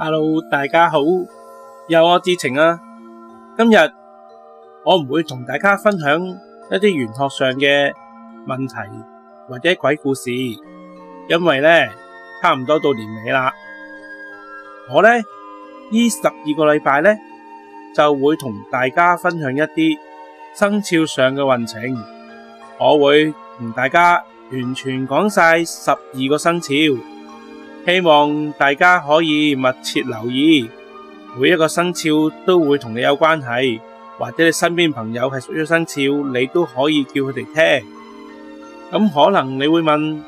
Hello，大家好，有我智澄啊！今日我唔會同大家分享一啲玄學上嘅問題或者鬼故事，因為咧差唔多到年尾啦。我咧呢十二個禮拜咧就會同大家分享一啲生肖上嘅運程，我會同大家完全講晒十二個生肖。希望大家可以密切留意，每一個生肖都會同你有關係，或者你身邊朋友係屬於生肖，你都可以叫佢哋聽。咁可能你會問，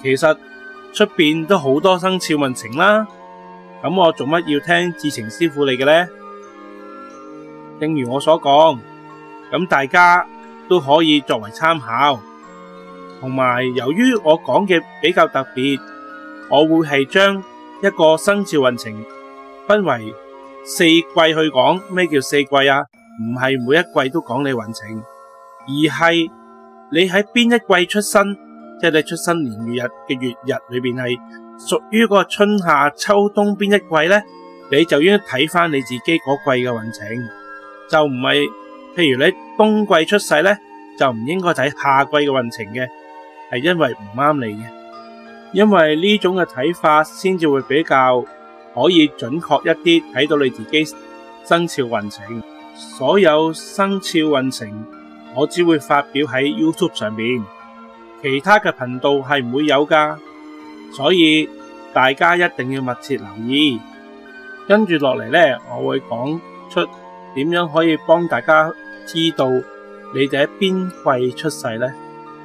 其實出邊都好多生肖運程啦，咁我做乜要聽智澄師傅你嘅咧？正如我所講，咁大家都可以作為參考，同埋由於我講嘅比較特別。我會係將一個生肖運程分為四季去講，咩叫四季啊？唔係每一季都講你運程，而係你喺邊一季出生，即係你出生年月日嘅月日裏邊係屬於個春夏秋冬邊一季咧，你就應該睇翻你自己嗰季嘅運程，就唔係譬如你冬季出世咧，就唔應該睇夏季嘅運程嘅，係因為唔啱你嘅。因為呢種嘅睇法先至會比較可以準確一啲，睇到你自己生肖運程。所有生肖運程我只會發表喺 YouTube 上面，其他嘅頻道係唔會有㗎。所以大家一定要密切留意。跟住落嚟呢，我會講出點樣可以幫大家知道你哋喺邊季出世呢。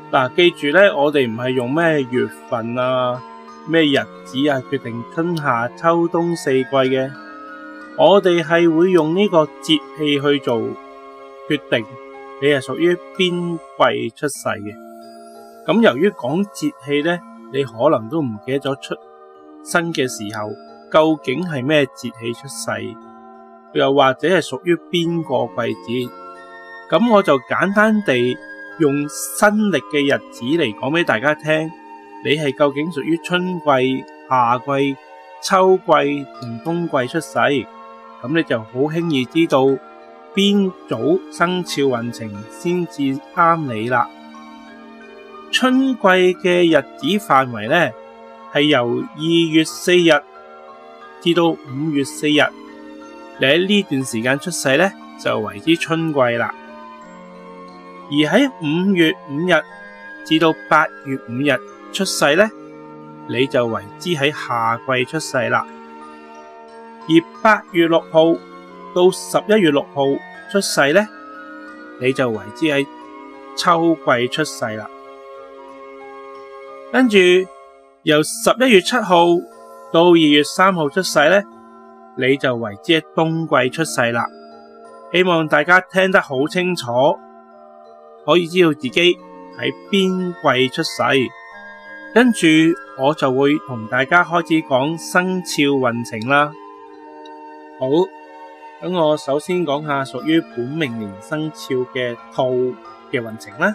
嗱、啊，記住咧，我哋唔係用咩月份啊、咩日子啊決定春夏秋冬四季嘅，我哋係會用呢個節氣去做決定，你係屬於邊季出世嘅。咁由於講節氣咧，你可能都唔記得咗出生嘅時候究竟係咩節氣出世，又或者係屬於邊個季節，咁我就簡單地。用新歷嘅日子嚟講俾大家聽，你係究竟屬於春季、夏季、秋季同冬季出世，咁你就好輕易知道邊組生肖運程先至啱你啦。春季嘅日子範圍咧係由二月四日至到五月四日，你喺呢段時間出世咧就為之春季啦。而喺五月五日至到八月五日出世咧，你就為之喺夏季出世啦。而八月六號到十一月六號出世咧，你就為之喺秋季出世啦。跟住由十一月七號到二月三號出世咧，你就為之喺冬季出世啦。希望大家聽得好清楚。可以知道自己喺邊季出世，跟住我就會同大家開始講生肖運程啦。好，等我首先講下屬於本命年生肖嘅兔嘅運程啦。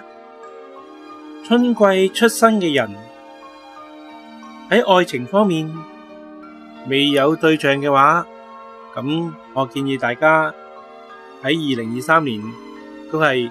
春季出生嘅人喺愛情方面未有對象嘅話，咁我建議大家喺二零二三年都係。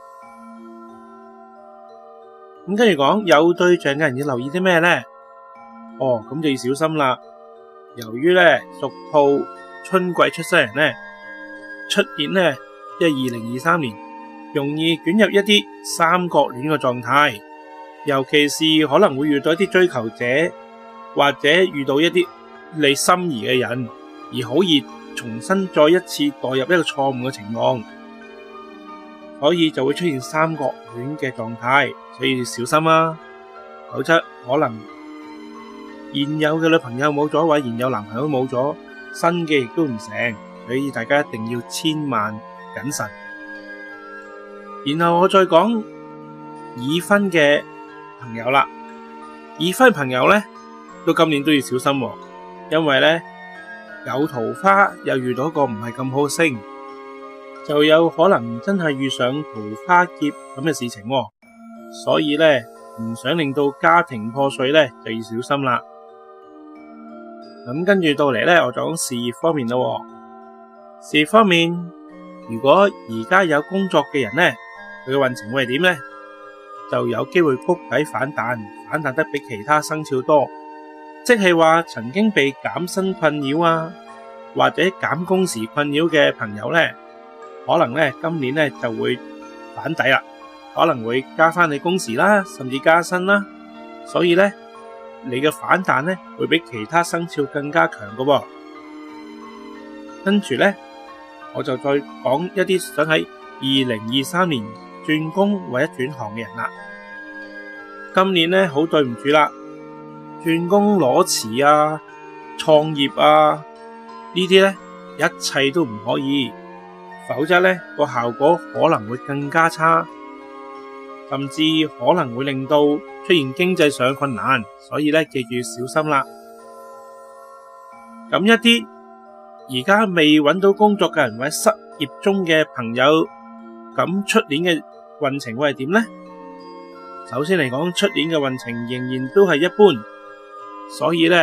咁跟住講，有對象嘅人要留意啲咩呢？哦，咁就要小心啦。由於呢，屬兔春季出生人呢，出現呢，即係二零二三年，容易捲入一啲三角戀嘅狀態，尤其是可能會遇到一啲追求者，或者遇到一啲你心儀嘅人，而好易重新再一次墮入一個錯誤嘅情況。所以就會出現三角戀嘅狀態，所以小心啊！否則可能現有嘅女朋友冇咗，或者現有男朋友都冇咗，新嘅亦都唔成，所以大家一定要千萬謹慎。然後我再講已婚嘅朋友啦，已婚朋友呢，到今年都要小心，因為呢有桃花又遇到個唔係咁好星。就有可能真係遇上桃花劫咁嘅事情，哦，所以咧，唔想令到家庭破碎咧，就要小心啦。咁、嗯、跟住到嚟咧，我就講事業方面咯，哦。事業方面，如果而家有工作嘅人咧，佢嘅運程會係點咧？就有機會谷底反彈，反彈得比其他生肖多，即係話曾經被減薪困擾啊，或者減工時困擾嘅朋友咧。可能咧，今年咧就會反底啦，可能會加翻你工時啦，甚至加薪啦。所以咧，你嘅反彈咧會比其他生肖更加強噶、哦。跟住咧，我就再講一啲想喺二零二三年轉工或者轉行嘅人啦。今年咧好對唔住啦，轉工攞辭啊，創業啊呢啲咧，一切都唔可以。否則呢個效果可能會更加差，甚至可能會令到出現經濟上困難，所以呢記住小心啦。咁一啲而家未揾到工作嘅人或者失業中嘅朋友，咁出年嘅運程會係點呢？首先嚟講，出年嘅運程仍然都係一般，所以呢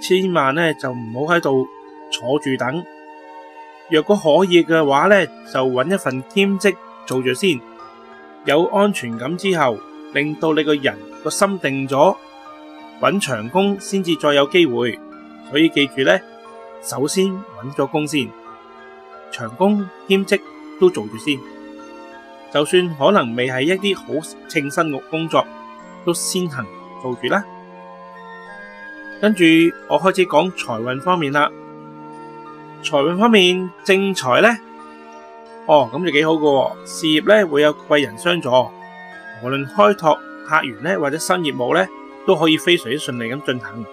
千萬呢就唔好喺度坐住等。如果可以嘅話咧，就搵一份兼職做住先，有安全感之後，令到你個人個心定咗，搵長工先至再有機會。所以記住咧，首先搵咗工先，長工兼職都做住先，就算可能未係一啲好稱身嘅工作，都先行做住啦。跟住我開始講財運方面啦。財運方面，正財咧，哦咁就幾好噶、哦，事業咧會有貴人相助，無論開拓客源咧或者新業務咧，都可以非常之順利咁進行，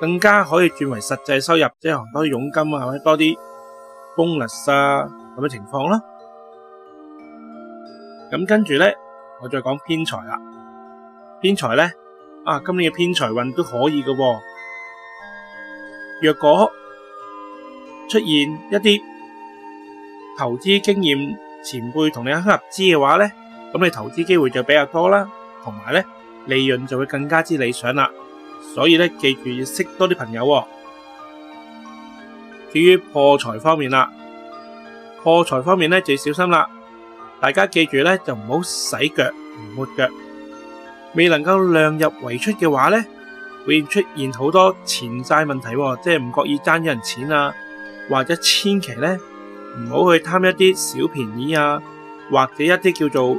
更加可以轉為實際收入，即係多啲佣金啊，或者多啲 bonus 啊咁嘅情況啦，啊。咁跟住咧，我再講偏財啦，偏財咧，啊今年嘅偏財運都可以噶、哦，若果。出現一啲投資經驗前輩同你合資嘅話咧，咁你投資機會就比較多啦，同埋呢利潤就會更加之理想啦。所以呢，記住要識多啲朋友、哦。至於破財方面啦，破財方面呢，就要小心啦。大家記住呢，就唔好洗腳唔抹腳，未能夠量入為出嘅話呢會出現好多錢債問題、哦，即係唔覺意爭人錢啊。或者千祈咧唔好去貪一啲小便宜啊，或者一啲叫做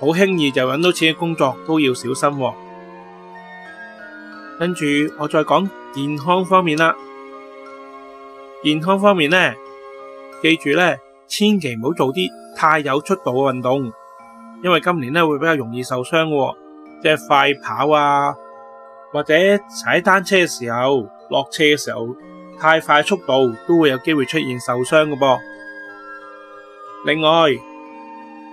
好輕易就揾到錢嘅工作都要小心喎。跟住我再講健康方面啦啊，健康方面咧，記住咧，千祈唔好做啲太有速度嘅運動，因為今年咧會比較容易受傷喎，即係快跑啊，或者踩單車嘅時候落車嘅時候。太快速度都會有機會出現受傷嘅噃。另外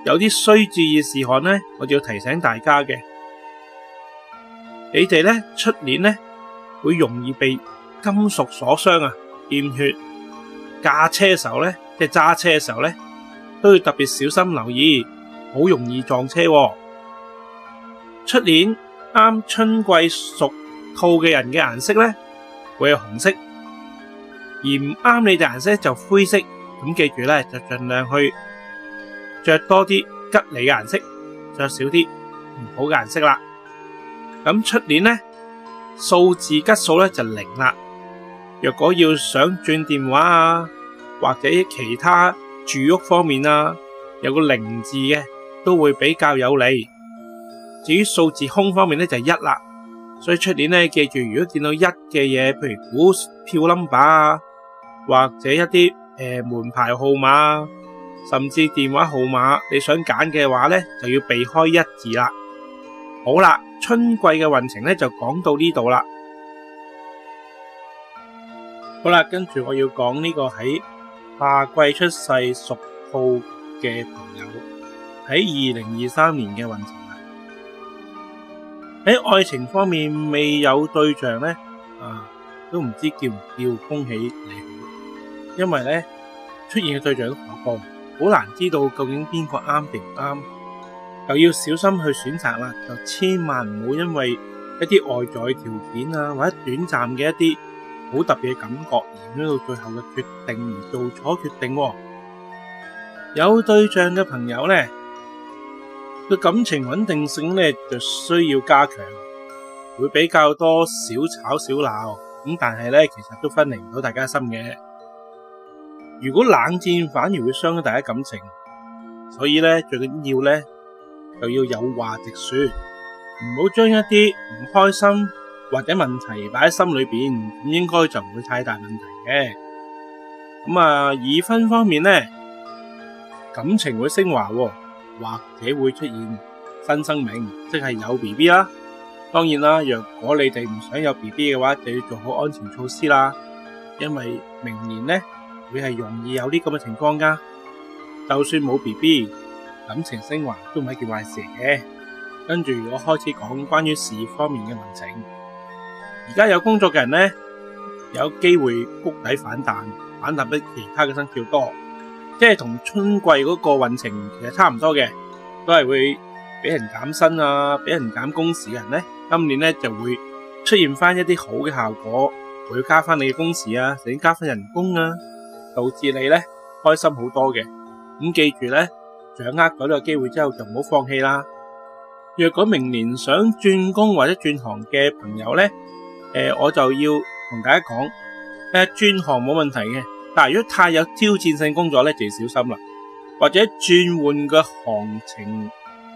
有啲需注意事項呢，我就要提醒大家嘅。你哋呢出年呢會容易被金屬所傷啊，濺血。駕車嘅時候呢，即係揸車嘅時候呢，都要特別小心留意，好容易撞車。出年啱春季屬兔嘅人嘅顏色呢會有紅色。而唔啱你嘅顏色就灰色，咁記住咧就盡量去着多啲吉利嘅顏色，着少啲唔好嘅顏色啦。咁出年咧數字吉數咧就零啦。若果要想轉電話啊，或者其他住屋方面啊，有個零字嘅都會比較有利。至於數字空方面咧就一啦，所以出年咧記住，如果見到一嘅嘢，譬如股票冧巴啊。或者一啲誒、呃、門牌號碼，甚至電話號碼，你想揀嘅話咧，就要避開一字啦。好啦，春季嘅運程咧就講到呢度啦。好啦，跟住我要講呢個喺夏季出世屬兔嘅朋友喺二零二三年嘅運程啦。喺愛情方面未有對象咧，啊都唔知叫唔叫恭喜你。因為咧出現嘅對象都好多，好難知道究竟邊個啱定唔啱，又要小心去選擇啦。就千萬唔好因為一啲外在條件啊，或者短暫嘅一啲好特別嘅感覺，影響到最後嘅決定而做錯決定。有對象嘅朋友咧，個感情穩定性咧就需要加強，會比較多小吵小鬧咁，但係咧其實都分離唔到大家心嘅。如果冷戰反而會傷咗大家感情，所以咧最緊要咧就要有話直說，唔好將一啲唔開心或者問題擺喺心裏邊，咁應該就唔會太大問題嘅。咁啊，已婚方面咧感情會昇華，或者會出現新生命，即係有 BB 啦。當然啦，若果你哋唔想有 BB 嘅話，就要做好安全措施啦，因為明年咧。佢係容易有呢咁嘅情況噶，就算冇 BB 感情升華都唔係件壞事嘅。跟住我開始講關於事業方面嘅運程。而家有工作嘅人咧，有機會谷底反彈，反彈比其他嘅生肖多，即係同春季嗰個運程其實差唔多嘅，都係會俾人減薪啊，俾人減工時嘅人咧，今年咧就會出現翻一啲好嘅效果，會加翻你嘅工時啊，或加翻人工啊。導致你咧開心好多嘅，咁、嗯、記住咧，掌握到呢個機會之後就唔好放棄啦。若果明年想轉工或者轉行嘅朋友咧，誒、呃、我就要同大家講，誒、呃、轉行冇問題嘅，但係如果太有挑戰性工作咧就要小心啦，或者轉換個行情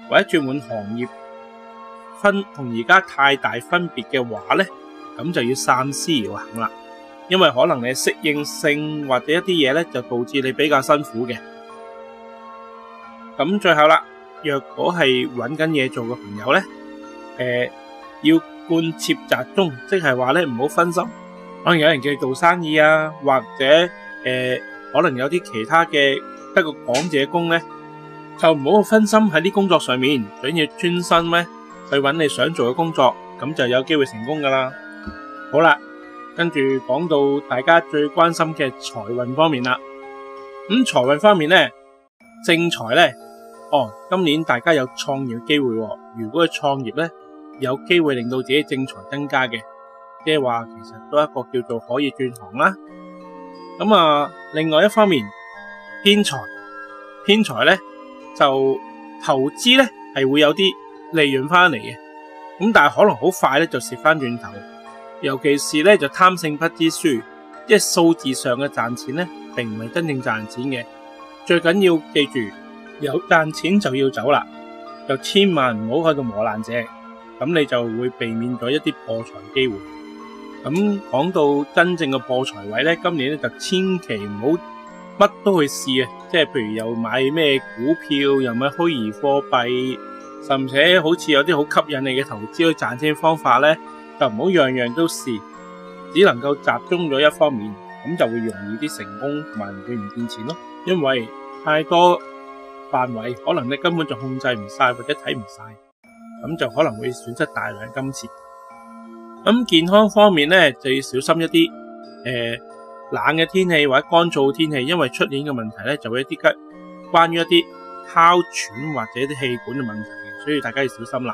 或者轉換行業分同而家太大分別嘅話咧，咁就要三思而行啦。因為可能你適應性或者一啲嘢咧，就導致你比較辛苦嘅。咁最後啦，若果係揾緊嘢做嘅朋友咧，誒，要貫徹集中，即係話咧，唔好分心。可能有人叫你做生意啊，或者誒，可能有啲其他嘅得個講字嘅工咧，就唔好分心喺啲工作上面，想要專心咧去揾你想做嘅工作，咁就有機會成功噶啦。好啦。跟住講到大家最關心嘅財運方面啦，咁、嗯、財運方面咧，正財咧，哦，今年大家有創業嘅機會，哦，如果去創業咧，有機會令到自己正財增加嘅，即係話其實都係一個叫做可以轉行啦。咁、嗯、啊，另外一方面偏財，偏財咧就投資咧係會有啲利潤翻嚟嘅，咁但係可能好快咧就蝕翻轉頭。尤其是呢，就貪勝不知輸，即係數字上嘅賺錢呢，並唔係真正賺錢嘅。最緊要記住，有賺錢就要走啦，就千萬唔好喺度磨爛只，咁你就會避免咗一啲破財機會。咁講到真正嘅破財位呢，今年呢，就千祈唔好乜都去試啊！即係譬如又買咩股票，又買虛擬貨幣，甚至好似有啲好吸引你嘅投資去賺錢方法呢。就唔好樣樣都試，只能夠集中咗一方面，咁就會容易啲成功，同埋唔會唔見錢咯。因為太多範圍，可能你根本就控制唔晒，或者睇唔晒，咁就可能會損失大量金錢。咁健康方面咧，就要小心一啲，誒，冷嘅天氣或者乾燥天氣，因為出現嘅問題咧，就會一啲咳，關於一啲哮喘或者啲氣管嘅問題，所以大家要小心啦。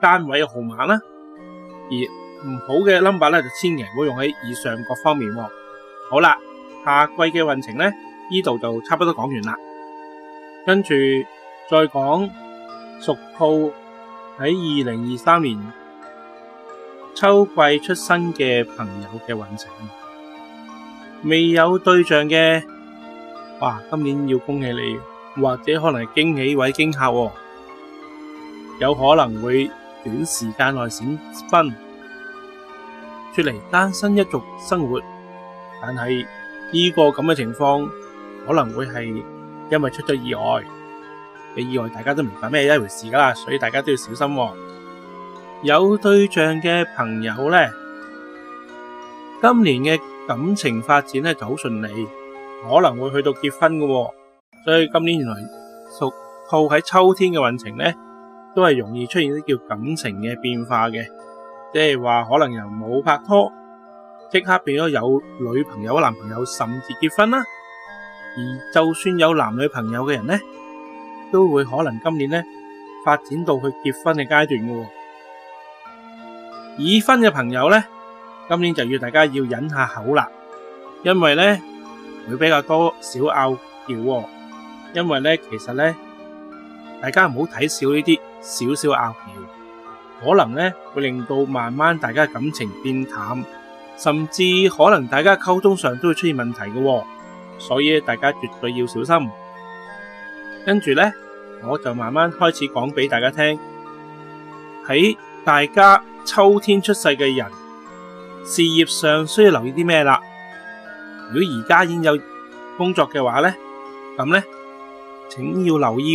單位號碼啦，而唔好嘅 number 咧就千祈唔好用喺以上各方面，哦。好啦，夏季嘅運程咧，呢度就差不多講完啦。跟住再講屬兔喺二零二三年秋季出生嘅朋友嘅運程，未有對象嘅，哇，今年要恭喜你，或者可能係驚喜位驚嚇哦，有可能會。短時間內閃婚，脫離單身一族生活，但係呢、這個咁嘅情況，可能會係因為出咗意外嘅意外，大家都唔怕咩一回事噶啦，所以大家都要小心、哦。有對象嘅朋友咧，今年嘅感情發展咧就好順利，可能會去到結婚噶、哦，所以今年原來屬兔喺秋天嘅運程咧，都係容易出現啲叫感情嘅變化嘅，即係話可能由冇拍拖，即刻變咗有女朋友、男朋友，甚至結婚啦。而就算有男女朋友嘅人呢，都會可能今年呢發展到去結婚嘅階段嘅。已婚嘅朋友呢，今年就要大家要忍下口啦，因為呢會比較多少拗撬。因為呢其實呢，大家唔好睇少呢啲。少少拗撬，可能咧，會令到慢慢大家感情變淡，甚至可能大家溝通上都會出現問題嘅，所以大家絕對要小心。跟住咧，我就慢慢開始講俾大家聽，喺大家秋天出世嘅人，事業上需要留意啲咩啦？如果而家已經有工作嘅話咧，咁咧請要留意。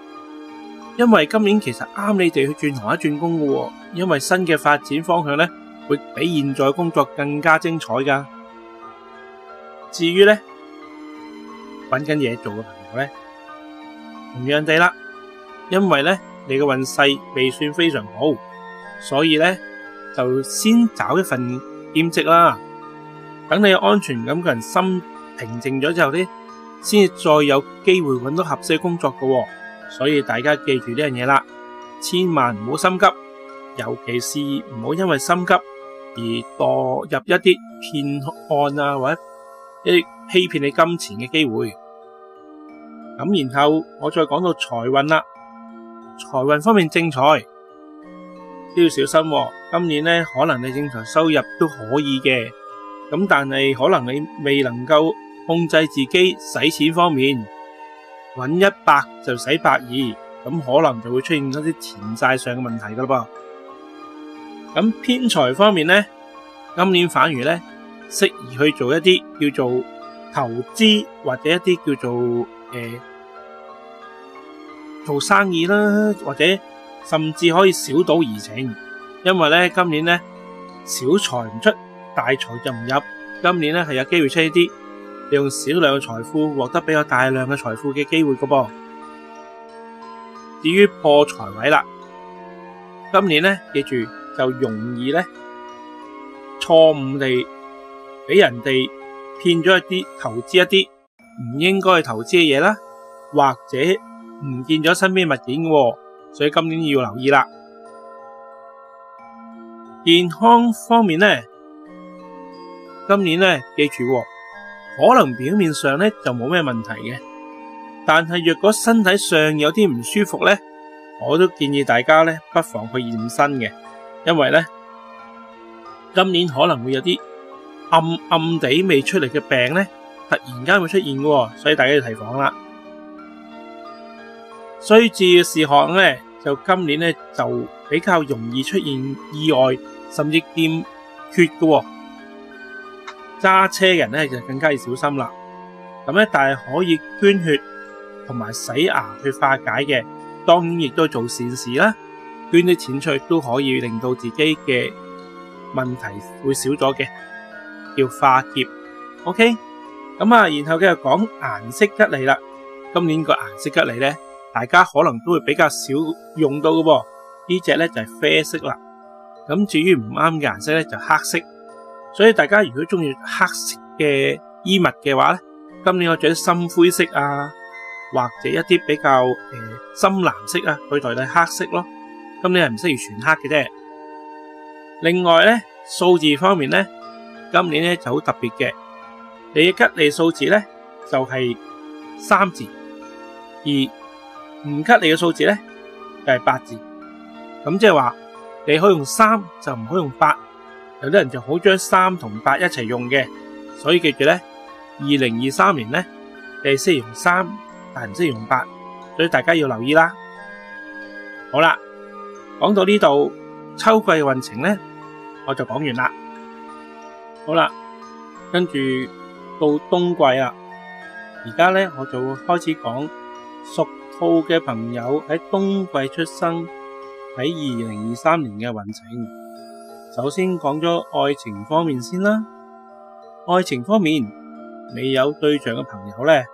因為今年其實啱你哋去轉行一轉工嘅喎，因為新嘅發展方向咧會比現在工作更加精彩噶。至於咧揾緊嘢做嘅朋友咧，同樣地啦，因為咧你嘅運勢未算非常好，所以咧就先找一份兼職啦。等你有安全感嘅人心平靜咗之後咧，先至再有機會揾到合適嘅工作嘅喎。所以大家記住呢樣嘢啦，千萬唔好心急，尤其是唔好因為心急而墮入一啲騙案啊，或者一啲欺騙你金錢嘅機會。咁然後我再講到財運啦，財運方面正財都要小心喎。今年咧可能你正財收入都可以嘅，咁但係可能你未能夠控制自己使錢方面。搵一百就使百二，咁可能就會出現一啲錢債上嘅問題噶啦噃。咁偏財方面呢，今年反而呢，適宜去做一啲叫做投資或者一啲叫做誒、欸、做生意啦，或者甚至可以小賭怡情，因為呢，今年呢，小財唔出，大財就唔入，今年呢，係有機會出一啲。利用少量嘅財富獲得比較大量嘅財富嘅機會個噃。至於破財位啦，今年咧記住就容易咧錯誤地俾人哋騙咗一啲投資，一啲唔應該去投資嘅嘢啦，或者唔見咗身邊物件，所以今年要留意啦。健康方面咧，今年咧記住、哦。可能表面上咧就冇咩問題嘅，但係若果身體上有啲唔舒服咧，我都建議大家咧不妨去驗身嘅，因為咧今年可能會有啲暗暗地未出嚟嘅病咧，突然間會出現嘅，所以大家要提防啦。所以注意事項咧，就今年咧就比較容易出現意外，甚至見血嘅。揸車嘅人咧就更加要小心啦。咁咧，但係可以捐血同埋洗牙去化解嘅，當然亦都做善事啦。捐啲錢出去都可以令到自己嘅問題會少咗嘅，叫化劫。OK。咁啊，然後繼續講顏色吉利啦。今年個顏色吉利咧，大家可能都會比較少用到嘅噃。呢隻咧就係啡色啦。咁至於唔啱嘅顏色咧，就黑色。所以大家如果鍾意黑色嘅衣物嘅話咧，今年我着啲深灰色啊，或者一啲比較誒深藍色啊去代替黑色咯。今年係唔適宜全黑嘅啫。另外咧，數字方面咧，今年咧就好特別嘅，你嘅吉利數字咧就係三字，而唔吉利嘅數字咧就係八字。咁即係話，你可以用三就唔可以用八。有啲人就好鍾意三同八一齊用嘅，所以記住咧，二零二三年咧，係適用三，但係唔適用八，所以大家要留意啦。好啦，講到呢度，秋季運程咧，我就講完啦。好啦，跟住到冬季啦，而家咧，我就會開始講屬兔嘅朋友喺冬季出生喺二零二三年嘅運程。首先講咗愛情方面先啦。愛情方面未有對象嘅朋友咧，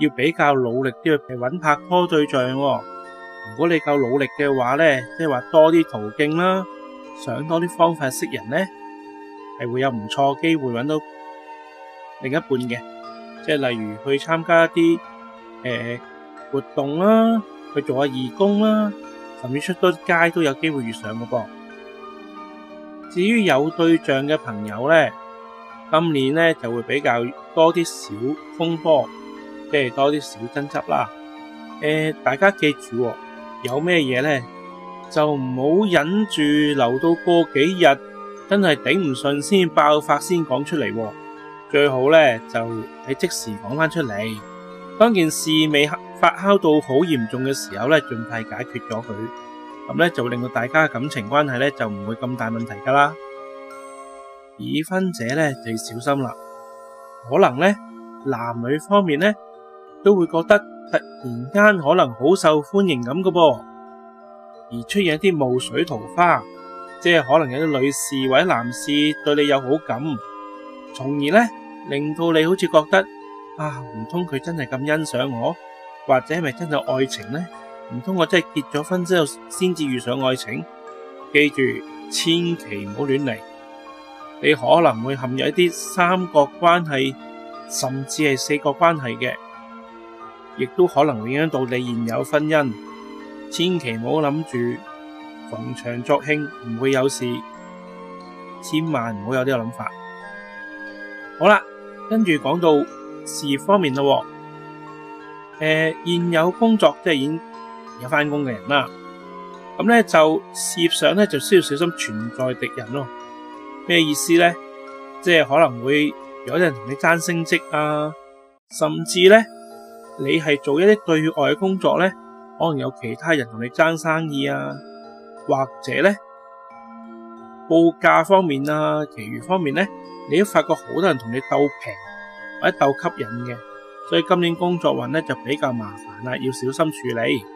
要比較努力啲去搵拍拖對象。如果你夠努力嘅話咧，即係話多啲途徑啦，想多啲方法識人咧，係會有唔錯機會搵到另一半嘅。即係例如去參加一啲誒活動啦，去做下義工啦，甚至出咗街都有機會遇上嘅噃。至於有對象嘅朋友呢，今年呢就會比較多啲小風波，即係多啲小爭執啦。誒、呃，大家記住、哦，有咩嘢呢，就唔好忍住留到過幾日，真係頂唔順先爆發先講出嚟、哦。最好呢，就喺即時講翻出嚟，當件事未發酵到好嚴重嘅時候呢，盡快解決咗佢。咁咧就令到大家感情關係咧就唔會咁大問題噶啦。已婚者咧就要小心啦，可能咧男女方面咧都會覺得突然間可能好受歡迎咁噶噃，而出現一啲霧水桃花，即係可能有啲女士或者男士對你有好感，從而咧令到你好似覺得啊，唔通佢真係咁欣賞我，或者係咪真係愛情咧？唔通我真係結咗婚之後先至遇上愛情？記住，千祈唔好亂嚟，你可能會陷入一啲三角關係，甚至係四角關係嘅，亦都可能會影響到你現有婚姻。千祈唔好諗住逢場作興，唔會有事，千萬唔好有呢個諗法。好啦，跟住講到事業方面咯，誒、呃，現有工作即係演。有翻工嘅人啦，咁咧就事業上咧就需要小心存在敵人咯。咩意思咧？即係可能會有啲人同你爭升職啊，甚至咧你係做一啲對外嘅工作咧，可能有其他人同你爭生意啊，或者咧報價方面啊，其餘方面咧，你都發覺好多人同你鬥平或者鬥吸引嘅，所以今年工作運咧就比較麻煩啦，要小心處理。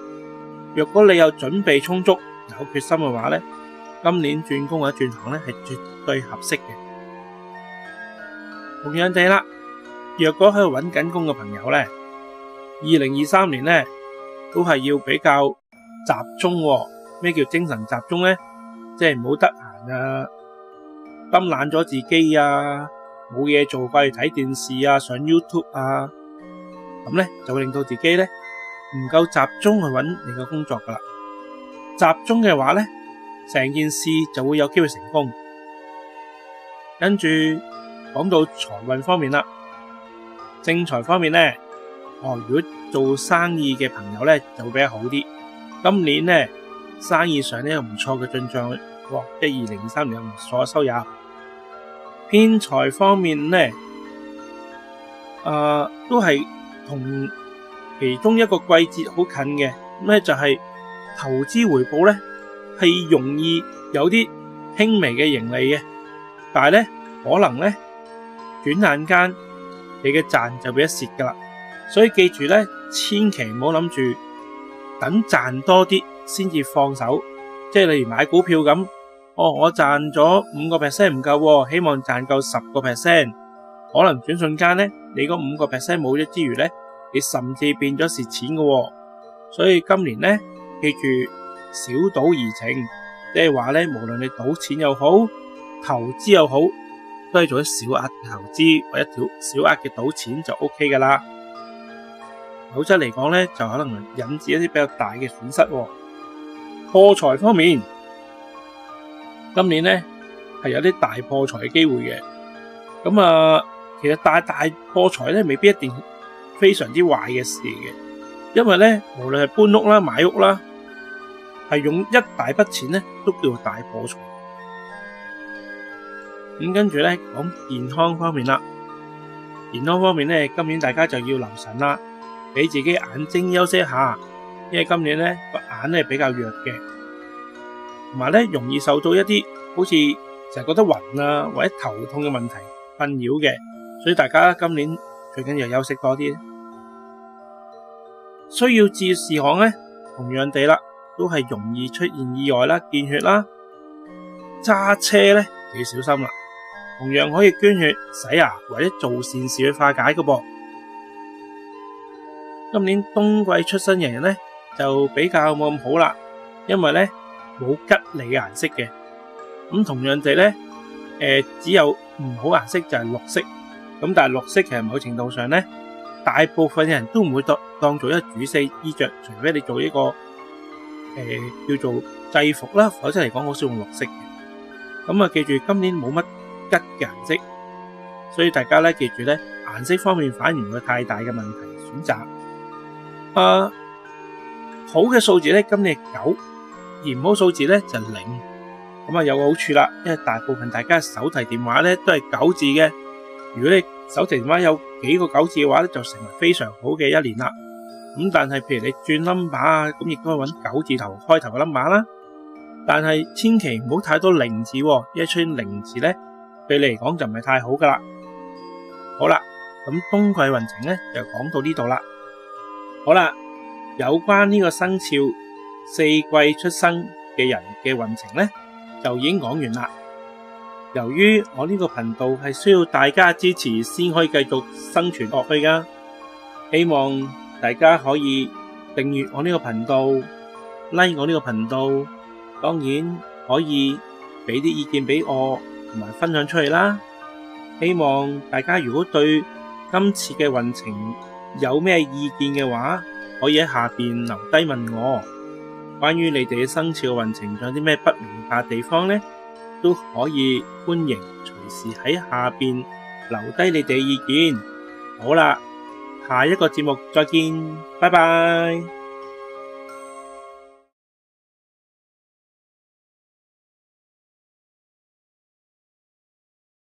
若果你有準備充足，有決心嘅話咧，今年轉工或者轉行咧係絕對合適嘅。同樣地啦，若果喺度搵緊工嘅朋友咧，二零二三年咧都係要比較集中。咩叫精神集中咧？即係唔好得閒啊，冧懶咗自己啊，冇嘢做掛住睇電視啊、上 YouTube 啊，咁咧就會令到自己咧。唔夠集中去搵你嘅工作噶啦，集中嘅話咧，成件事就會有機會成功。跟住講到財運方面啦，正財方面咧，哦，如果做生意嘅朋友咧就會比較好啲。今年咧生意上咧有唔錯嘅進賬，二零二三年所收入。偏財方面咧，誒、呃、都係同。其中一個季節好近嘅，咁咧就係投資回報咧係容易有啲輕微嘅盈利嘅，但係咧可能咧，轉眼間你嘅賺就變咗蝕噶啦，所以記住咧，千祈唔好諗住等賺多啲先至放手，即係例如買股票咁，哦，我賺咗五個 percent 唔夠，喎，希望賺夠十個 percent，可能轉瞬間咧，你嗰五個 percent 冇咗之餘咧。你甚至變咗蝕錢嘅喎，所以今年咧，記住小賭怡情，即係話咧，無論你賭錢又好，投資又好，都係做啲小額投資或者小小額嘅賭錢就 OK 噶啦。否則嚟講咧，就可能引致一啲比較大嘅損失喎。破財方面，今年咧係有啲大破財嘅機會嘅。咁啊，其實大大破財咧，未必一定。非常之壞嘅事嘅，因為咧，無論係搬屋啦、買屋啦，係用一大筆錢咧，都叫做大破財。咁跟住咧，講健康方面啦，健康方面咧，今年大家就要留神啦，俾自己眼睛休息下，因為今年咧，個眼咧比較弱嘅，同埋咧，容易受到一啲好似成日覺得暈啊，或者頭痛嘅問題困擾嘅，所以大家今年最緊要休息多啲。需要注意事項咧，同樣地啦，都係容易出現意外啦、見血啦、揸車咧要小心啦。同樣可以捐血、洗牙或者做善事去化解嘅噃。今年冬季出生人呢就比較冇咁好啦，因為呢冇吉利顏色嘅，咁同樣地呢，誒只有唔好顏色就係綠色，咁但係綠色其實某程度上呢。大部分人都唔會當當做一個主色衣着，除非你做一個、呃、叫做制服啦。否則嚟講，好少用綠色的。咁啊，記住今年冇乜吉嘅顏色，所以大家呢記住呢顏色方面反而唔會太大嘅問題選擇。誒、呃，好嘅數字呢，今年係九，而唔好數字呢，就零。咁啊，有個好處啦，因為大部分大家手提電話呢都係九字嘅。如果你……手提電話有幾個九字嘅話就成為非常好嘅一年啦。咁但係譬如你轉冧把，啊，咁亦都揾九字頭開頭嘅冧把啦。但係千祈唔好太多零字喎，一串零字呢，對你嚟講就唔係太好噶啦。好啦，咁冬季運程咧就講到呢度啦。好啦，有關呢個生肖四季出生嘅人嘅運程咧，就已經講完啦。由於我呢個頻道係需要大家支持先可以繼續生存落去噶希望大家可以訂閱我呢個頻道，like 我呢個頻道，當然可以俾啲意見俾我，同埋分享出嚟啦。希望大家如果對今次嘅運程有咩意見嘅話，可以喺下面留低問我。關於你哋嘅生肖運程仲有啲咩不明白地方呢？都可以，歡迎隨時喺下邊留低你哋意見，好啦，下一個節目再見，拜拜。